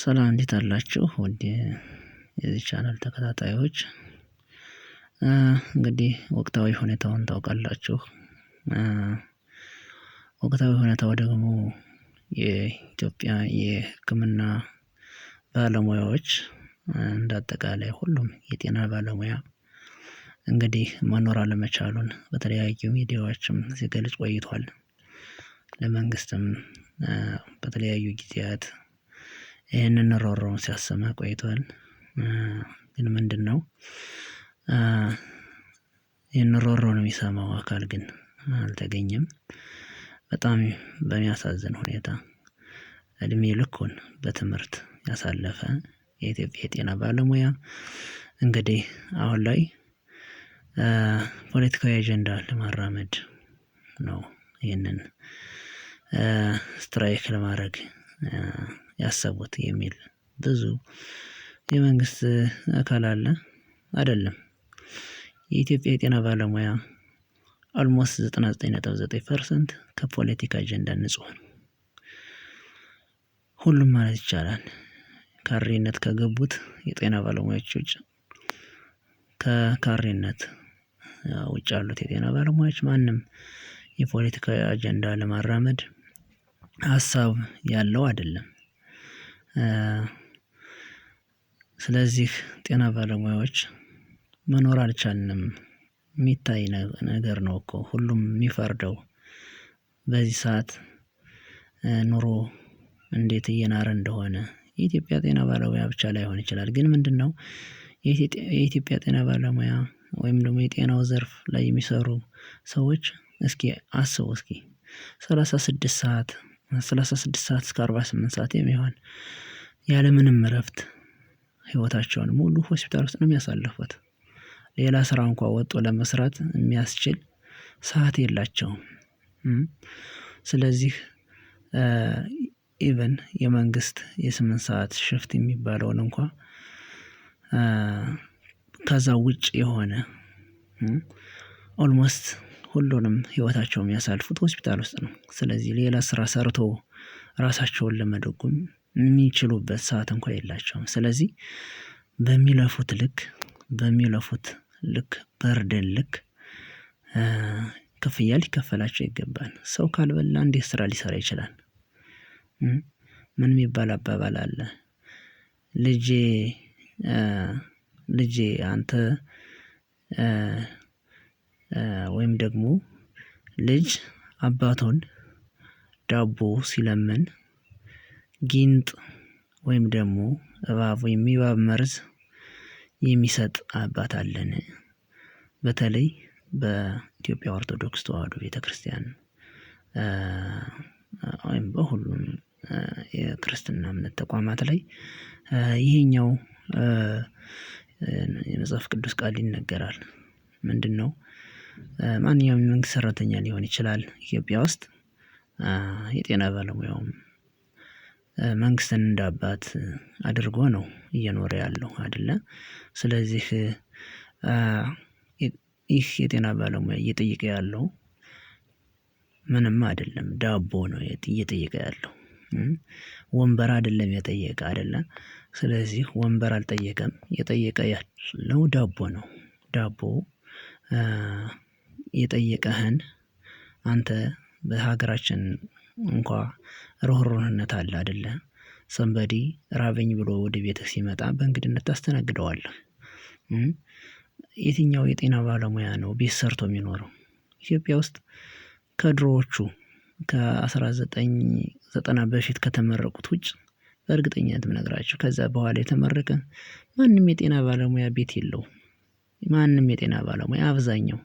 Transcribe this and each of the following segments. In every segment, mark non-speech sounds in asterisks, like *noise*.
ሰላም እንዴት አላችሁ ውድ የዚህ ቻናል ተከታታዮች እንግዲህ ወቅታዊ ሁኔታውን ታውቃላችሁ። ወቅታዊ ሁኔታው ደግሞ የኢትዮጵያ የህክምና ባለሙያዎች እንደ አጠቃላይ ሁሉም የጤና ባለሙያ እንግዲህ መኖር አለመቻሉን በተለያዩ ሚዲያዎችም ሲገልጽ ቆይቷል። ለመንግስትም በተለያዩ ጊዜያት ይህንን ሮሮውን ሲያሰማ ቆይቷል። ግን ምንድነው? ይህን ነው የሚሰማው አካል ግን አልተገኘም። በጣም በሚያሳዝን ሁኔታ እድሜ ልኩን በትምህርት ያሳለፈ የኢትዮጵያ የጤና ባለሙያ እንግዲህ አሁን ላይ ፖለቲካዊ አጀንዳ ለማራመድ ነው። ይህንን ስትራይክ ለማድረግ ያሰቡት የሚል ብዙ የመንግስት አካል አለ አይደለም። የኢትዮጵያ የጤና ባለሙያ ኦልሞስት 99.9 ፐርሰንት ከፖለቲካ አጀንዳ ንጹህ ነው። ሁሉም ማለት ይቻላል ካሬነት ከገቡት የጤና ባለሙያዎች ውጭ ከካሬነት ውጭ ያሉት የጤና ባለሙያዎች ማንም የፖለቲካ አጀንዳ ለማራመድ ሀሳብ ያለው አይደለም። ስለዚህ ጤና ባለሙያዎች መኖር አልቻልንም የሚታይ ነገር ነው እኮ ሁሉም የሚፈርደው በዚህ ሰዓት ኑሮ እንዴት እየናረ እንደሆነ የኢትዮጵያ ጤና ባለሙያ ብቻ ላይሆን ይችላል ግን ምንድነው? የኢትዮጵያ ጤና ባለሙያ ወይም ደግሞ የጤናው ዘርፍ ላይ የሚሰሩ ሰዎች እስኪ አስቡ እስኪ ሰላሳ ስድስት ሰዓት ሰላሳ ስድስት ሰዓት እስከ አርባ ስምንት ሰዓት የሚሆን ያለምንም እረፍት ህይወታቸውን ሙሉ ሆስፒታል ውስጥ ነው የሚያሳልፉት። ሌላ ስራ እንኳ ወጦ ለመስራት የሚያስችል ሰዓት የላቸውም። ስለዚህ ኢቭን የመንግስት የስምንት ሰዓት ሽፍት የሚባለውን እንኳ ከዛ ውጭ የሆነ ኦልሞስት ሁሉንም ህይወታቸው የሚያሳልፉት ሆስፒታል ውስጥ ነው። ስለዚህ ሌላ ስራ ሰርቶ ራሳቸውን ለመደጎም የሚችሉበት ሰዓት እንኳን የላቸውም። ስለዚህ በሚለፉት ልክ በሚለፉት ልክ በርደን ልክ ክፍያ ሊከፈላቸው ይገባል። ሰው ካልበላ እንዴት ስራ ሊሰራ ይችላል? ምን የሚባል አባባል አለ? ልጄ ልጄ አንተ ወይም ደግሞ ልጅ አባቱን ዳቦ ሲለምን ጊንጥ ወይም ደግሞ እባብ ወይም የእባብ መርዝ የሚሰጥ አባት አለን። በተለይ በኢትዮጵያ ኦርቶዶክስ ተዋህዶ ቤተክርስቲያን ወይም በሁሉም የክርስትና እምነት ተቋማት ላይ ይሄኛው የመጽሐፍ ቅዱስ ቃል ይነገራል። ምንድነው? ማንኛውም የመንግስት ሰራተኛ ሊሆን ይችላል ኢትዮጵያ ውስጥ የጤና ባለሙያውም መንግስትን እንደ አባት አድርጎ ነው እየኖረ ያለው አይደለ። ስለዚህ ይህ የጤና ባለሙያ እየጠየቀ ያለው ምንም አይደለም ዳቦ ነው እየጠየቀ ያለው። ወንበር አይደለም የጠየቀ አይደለ ስለዚህ ወንበር አልጠየቀም የጠየቀ ያለው ዳቦ ነው። ዳቦ የጠየቀህን አንተ በሀገራችን እንኳ ሩህሩህነት አለ አይደለ ሰንበዲ ራበኝ ብሎ ወደ ቤትህ ሲመጣ በእንግድነት ታስተናግደዋለህ። የትኛው የጤና ባለሙያ ነው ቤት ሰርቶ የሚኖረው? ኢትዮጵያ ውስጥ ከድሮዎቹ ከ 1990 በፊት ከተመረቁት ውጭ በእርግጠኝነት ምነግራቸው ከዛ በኋላ የተመረቀ ማንም የጤና ባለሙያ ቤት የለው? ማንም የጤና ባለሙያ አብዛኛው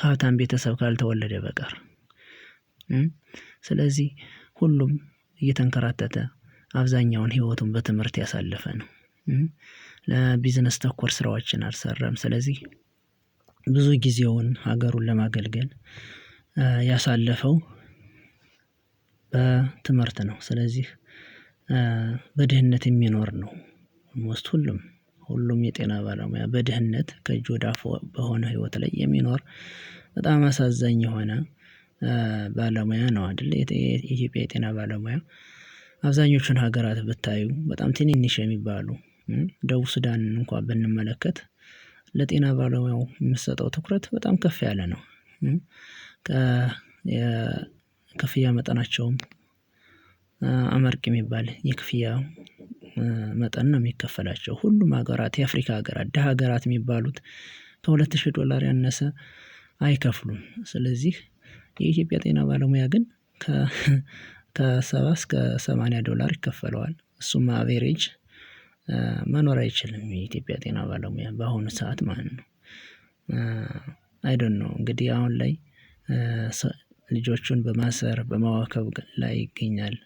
ከሀብታም ቤተሰብ ካልተወለደ በቀር። ስለዚህ ሁሉም እየተንከራተተ አብዛኛውን ህይወቱን በትምህርት ያሳለፈ ነው። ለቢዝነስ ተኮር ስራዎችን አልሰራም። ስለዚህ ብዙ ጊዜውን ሀገሩን ለማገልገል ያሳለፈው በትምህርት ነው። ስለዚህ በድህነት የሚኖር ነው። ሞስት ሁሉም ሁሉም የጤና ባለሙያ በድህነት ከእጅ ወደ አፍ በሆነ ህይወት ላይ የሚኖር በጣም አሳዛኝ የሆነ ባለሙያ ነው አይደል? የኢትዮጵያ የጤና ባለሙያ አብዛኞቹን ሀገራት ብታዩ በጣም ትንንሽ የሚባሉ ደቡብ ሱዳንን እንኳን ብንመለከት ለጤና ባለሙያው የምሰጠው ትኩረት በጣም ከፍ ያለ ነው። የክፍያ መጠናቸውም አመርቅ የሚባል የክፍያ መጠን ነው የሚከፈላቸው ሁሉም ሀገራት የአፍሪካ ሀገራት ደሃ ሀገራት የሚባሉት ከሁለት ሺህ ዶላር ያነሰ አይከፍሉም። ስለዚህ የኢትዮጵያ ጤና ባለሙያ ግን *laughs* ከሰባ እስከ ሰማንያ ዶላር ይከፈለዋል እሱም አቬሬጅ መኖር አይችልም የኢትዮጵያ ጤና ባለሙያ በአሁኑ ሰዓት ማለት ነው። አይ እንግዲህ አሁን ላይ ልጆቹን በማሰር በማዋከብ ላይ ይገኛል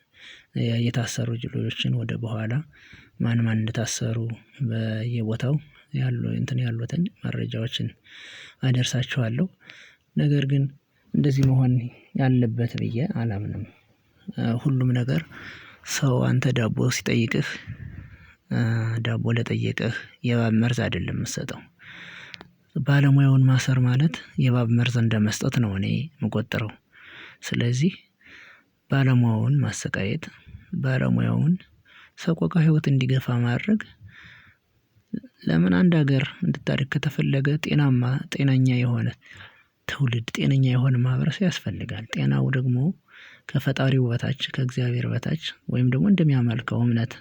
የታሰሩ ጅሎችን ወደ በኋላ ማን ማን እንደታሰሩ በየቦታው ያሉ እንትን ያሉትን መረጃዎችን አደርሳችኋለሁ። ነገር ግን እንደዚህ መሆን ያለበት ብዬ አላምንም። ሁሉም ነገር ሰው አንተ ዳቦ ሲጠይቅህ ዳቦ ለጠየቀህ የባብ መርዝ አይደለም የምሰጠው ባለሙያውን ማሰር ማለት የባብ መርዝ እንደመስጠት ነው እኔ የምቆጥረው። ስለዚህ ባለሙያውን ማሰቃየት ባለሙያውን ሰቆቃ ህይወት እንዲገፋ ማድረግ። ለምን አንድ ሀገር እንድታድግ ከተፈለገ ጤናማ ጤነኛ የሆነ ትውልድ ጤነኛ የሆነ ማህበረሰብ ያስፈልጋል። ጤናው ደግሞ ከፈጣሪው በታች ከእግዚአብሔር በታች ወይም ደግሞ እንደሚያመልከው እምነት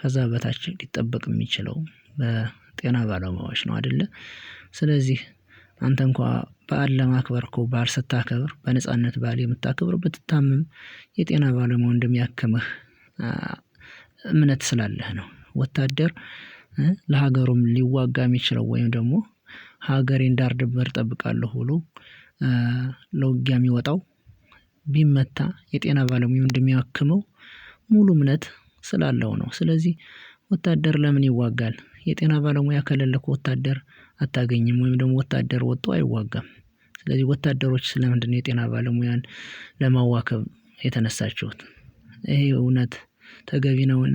ከዛ በታች ሊጠበቅ የሚችለው በጤና ባለሙያዎች ነው። አይደለ ስለዚህ አንተ እንኳ በዓል ለማክበር እኮ በዓል ስታከብር በነጻነት በዓል የምታከብር ብትታመም የጤና ባለሙያው እንደሚያክምህ እምነት ስላለህ ነው። ወታደር ለሀገሩም ሊዋጋ የሚችለው ወይም ደግሞ ሀገሬን ዳር ድንበር ጠብቃለሁ ብሎ ለውጊያ የሚወጣው ቢመታ የጤና ባለሙያ እንደሚያክመው ሙሉ እምነት ስላለው ነው። ስለዚህ ወታደር ለምን ይዋጋል? የጤና ባለሙያ ከሌለ እኮ ወታደር አታገኝም ወይም ደግሞ ወታደር ወጥቶ አይዋጋም። ስለዚህ ወታደሮች ስለምንድነው የጤና ባለሙያን ለማዋከብ የተነሳችሁት? ይሄ እውነት ተገቢ ነውን?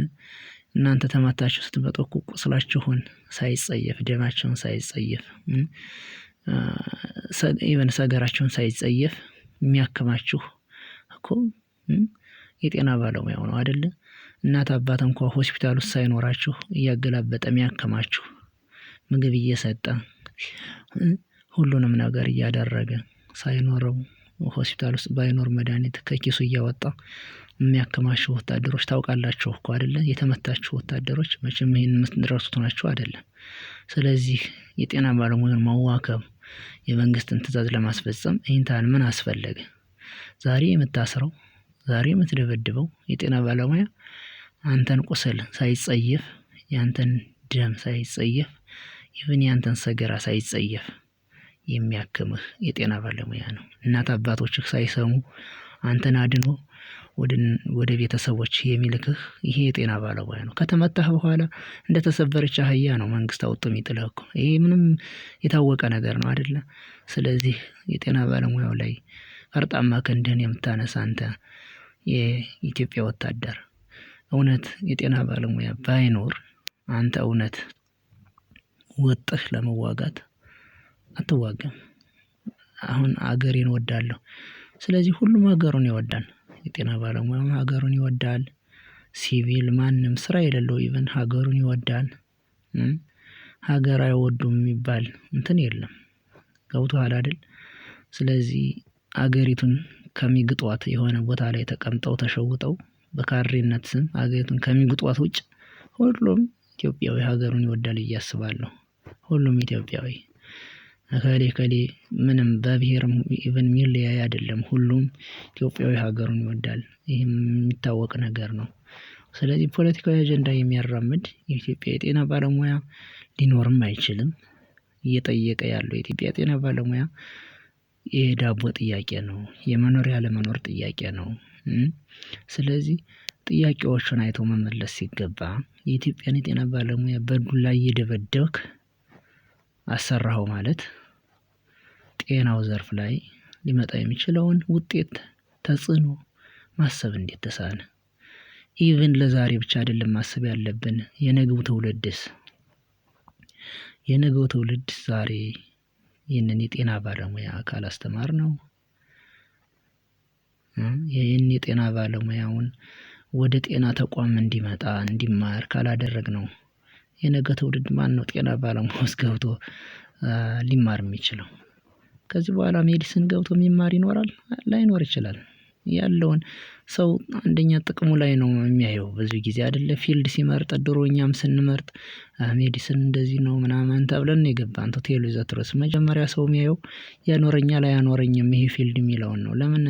እናንተ ተማታችሁ ስትመጡ እኮ ቁስላችሁን ሳይጸየፍ ደማችሁን ሳይጸየፍ ኢቨን ሰገራችሁን ሳይጸየፍ የሚያክማችሁ እኮ የጤና ባለሙያው ነው አይደለ? እናት አባት እንኳ ሆስፒታል ውስጥ ሳይኖራችሁ እያገላበጠ የሚያክማችሁ ምግብ እየሰጠ ሁሉንም ነገር እያደረገ ሳይኖረው ሆስፒታል ውስጥ ባይኖር መድኃኒት ከኪሱ እያወጣ የሚያከማቸው ወታደሮች ታውቃላችሁ እኮ አደለ? የተመታችሁ ወታደሮች መቼም ይህን የምትደርሱት ናቸው አይደለም። ስለዚህ የጤና ባለሙያን ማዋከብ የመንግስትን ትእዛዝ ለማስፈፀም ይህንታን ምን አስፈለገ? ዛሬ የምታስረው ዛሬ የምትደበድበው የጤና ባለሙያ አንተን ቁስል ሳይጸየፍ የአንተን ደም ሳይጸየፍ ይህን ያንተን ሰገራ ሳይጸየፍ የሚያክምህ የጤና ባለሙያ ነው። እናት አባቶችህ ሳይሰሙ አንተን አድኖ ወደ ቤተሰቦች የሚልክህ ይሄ የጤና ባለሙያ ነው። ከተመታህ በኋላ እንደተሰበረች አህያ ነው መንግስት አውጥቶ የሚጥልህ እኮ ይሄ ምንም የታወቀ ነገር ነው አይደለ? ስለዚህ የጤና ባለሙያው ላይ ፈርጣማ ክንድህን የምታነሳ አንተ የኢትዮጵያ ወታደር እውነት የጤና ባለሙያ ባይኖር አንተ እውነት ወጥህ ለመዋጋት አትዋጋም። አሁን አገሬን ወዳለሁ ስለዚህ ሁሉም ሀገሩን ይወዳል የጤና ባለሙያም ሀገሩን ይወዳል። ሲቪል ማንም ስራ የሌለው ኢቨን ሀገሩን ይወዳል። ሀገር አይወዱም የሚባል እንትን የለም። ገብቶሃል አይደል? ስለዚህ ሀገሪቱን ከሚግጧት የሆነ ቦታ ላይ ተቀምጠው ተሸውጠው በካሬነት ስም ሀገሪቱን ከሚግጧት ውጭ ሁሉም ኢትዮጵያዊ ሀገሩን ይወዳል እያስባለሁ። አስባለሁ ሁሉም ኢትዮጵያዊ እከሌ እከሌ ምንም በብሄርም ኢቭን ሚለያይ አይደለም ሁሉም ኢትዮጵያዊ ሀገሩን ይወዳል ይህም የሚታወቅ ነገር ነው። ስለዚህ ፖለቲካዊ አጀንዳ የሚያራምድ የኢትዮጵያ የጤና ባለሙያ ሊኖርም አይችልም። እየጠየቀ ያለው የኢትዮጵያ ጤና ባለሙያ የዳቦ ጥያቄ ነው የመኖር ያለመኖር ጥያቄ ነው። ስለዚህ ጥያቄዎቹን አይቶ መመለስ ሲገባ የኢትዮጵያን የጤና ባለሙያ በዱላ እየደበደብክ አሰራኸው ማለት ጤናው ዘርፍ ላይ ሊመጣ የሚችለውን ውጤት ተጽዕኖ ማሰብ እንዴት ተሳነ? ኢቭን ለዛሬ ብቻ አይደለም ማሰብ ያለብን የነገው ትውልድስ የነገው ትውልድ ዛሬ ይህንን የጤና ባለሙያ ነው። ይህን የጤና ባለሙያውን ወደ ጤና ተቋም እንዲመጣ እንዲማር ካላደረግ ነው። የነገ ትውልድ ማነው ጤና ባለሙያ ውስጥ ገብቶ ሊማር የሚችለው? ከዚህ በኋላ ሜዲስን ገብቶ የሚማር ይኖራል ላይኖር ይችላል። ያለውን ሰው አንደኛ ጥቅሙ ላይ ነው የሚያየው በዚህ ጊዜ አይደለ ፊልድ ሲመርጥ ድሮ እኛም ስንመርጥ ሜዲስን እንደዚህ ነው ምናምን ተብለን የገባን ሆቴሉ ዘትሮስ መጀመሪያ ሰው የሚያየው ላይ ያኖረኝም ይሄ ፊልድ የሚለውን ነው። ለምን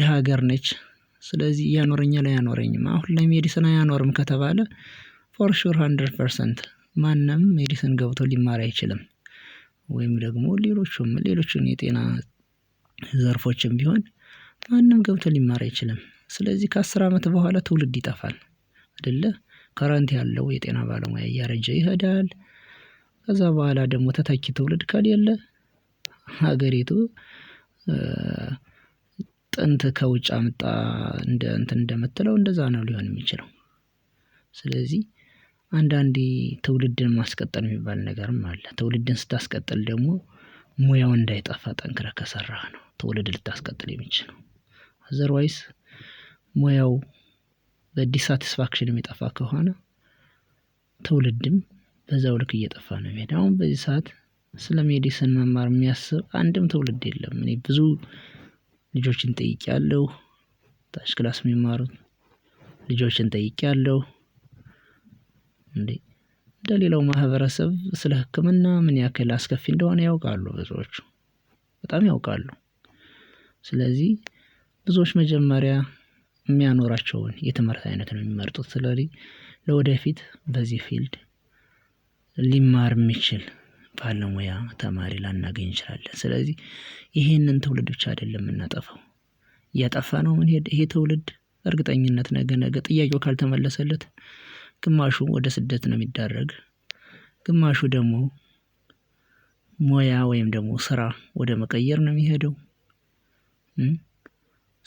ድሀገር ሀገር ነች። ስለዚህ ላይ ያኖረኝም አሁን ላይ ሜዲስን አያኖርም ከተባለ ፎር ሹር ሀንድረድ ፐርሰንት ማንም ሜዲስን ገብቶ ሊማር አይችልም። ወይም ደግሞ ሌሎቹም ሌሎቹን የጤና ዘርፎችም ቢሆን ማንም ገብቶ ሊማር አይችልም ስለዚህ ከአስር አመት በኋላ ትውልድ ይጠፋል። አደለ? ከረንት ያለው የጤና ባለሙያ እያረጀ ይሄዳል። ከዛ በኋላ ደግሞ ተተኪ ትውልድ ከሌለ ሀገሪቱ ጥንት ከውጭ አምጣ እንደ እንትን እንደምትለው እንደዛ ነው ሊሆን የሚችለው። ስለዚህ አንዳንዴ ትውልድን ማስቀጠል የሚባል ነገርም አለ ትውልድን ስታስቀጥል ደግሞ ሙያው እንዳይጠፋ ጠንክረ ከሰራህ ነው ትውልድ ልታስቀጥል የሚችለው። አዘርዋይስ ሙያው በዲሳቲስፋክሽን የሚጠፋ ከሆነ ትውልድም በዛው ልክ እየጠፋ ነው የሚሄደው። አሁን በዚህ ሰዓት ስለ ሜዲስን መማር የሚያስብ አንድም ትውልድ የለም። እኔ ብዙ ልጆችን ጠይቄያለሁ ታች ክላስ የሚማሩት ልጆችን ጠይቄያለሁ እንዴ እንደሌላው ማህበረሰብ ስለ ህክምና ምን ያክል አስከፊ እንደሆነ ያውቃሉ ብዙዎቹ በጣም ያውቃሉ። ስለዚህ ብዙዎች መጀመሪያ የሚያኖራቸውን የትምህርት አይነት ነው የሚመርጡት ስለዚህ ለወደፊት በዚህ ፊልድ ሊማር የሚችል ባለሙያ ተማሪ ላናገኝ እንችላለን። ስለዚህ ይሄንን ትውልድ ብቻ አይደለም የምናጠፋው ነው ምንሄድ ይሄ ትውልድ እርግጠኝነት ነገ ነገ ጥያቄው ካልተመለሰለት ግማሹ ወደ ስደት ነው የሚዳረግ። ግማሹ ደግሞ ሙያ ወይም ደግሞ ስራ ወደ መቀየር ነው የሚሄደው።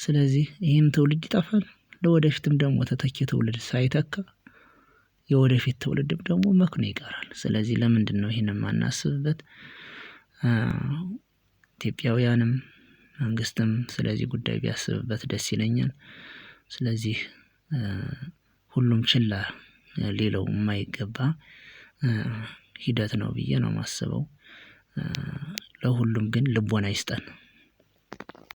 ስለዚህ ይህም ትውልድ ይጠፋል ለወደፊትም ደግሞ ተተኪ ትውልድ ሳይተካ የወደፊት ትውልድም ደግሞ መክኖ ይቀራል። ስለዚህ ለምንድነው ይሄንን የማናስብበት? ኢትዮጵያውያንም መንግስትም ስለዚህ ጉዳይ ቢያስብበት ደስ ይለኛል። ስለዚህ ሁሉም ችላ ሌላው የማይገባ ሂደት ነው ብዬ ነው ማስበው ለሁሉም ግን ልቦና ይስጠን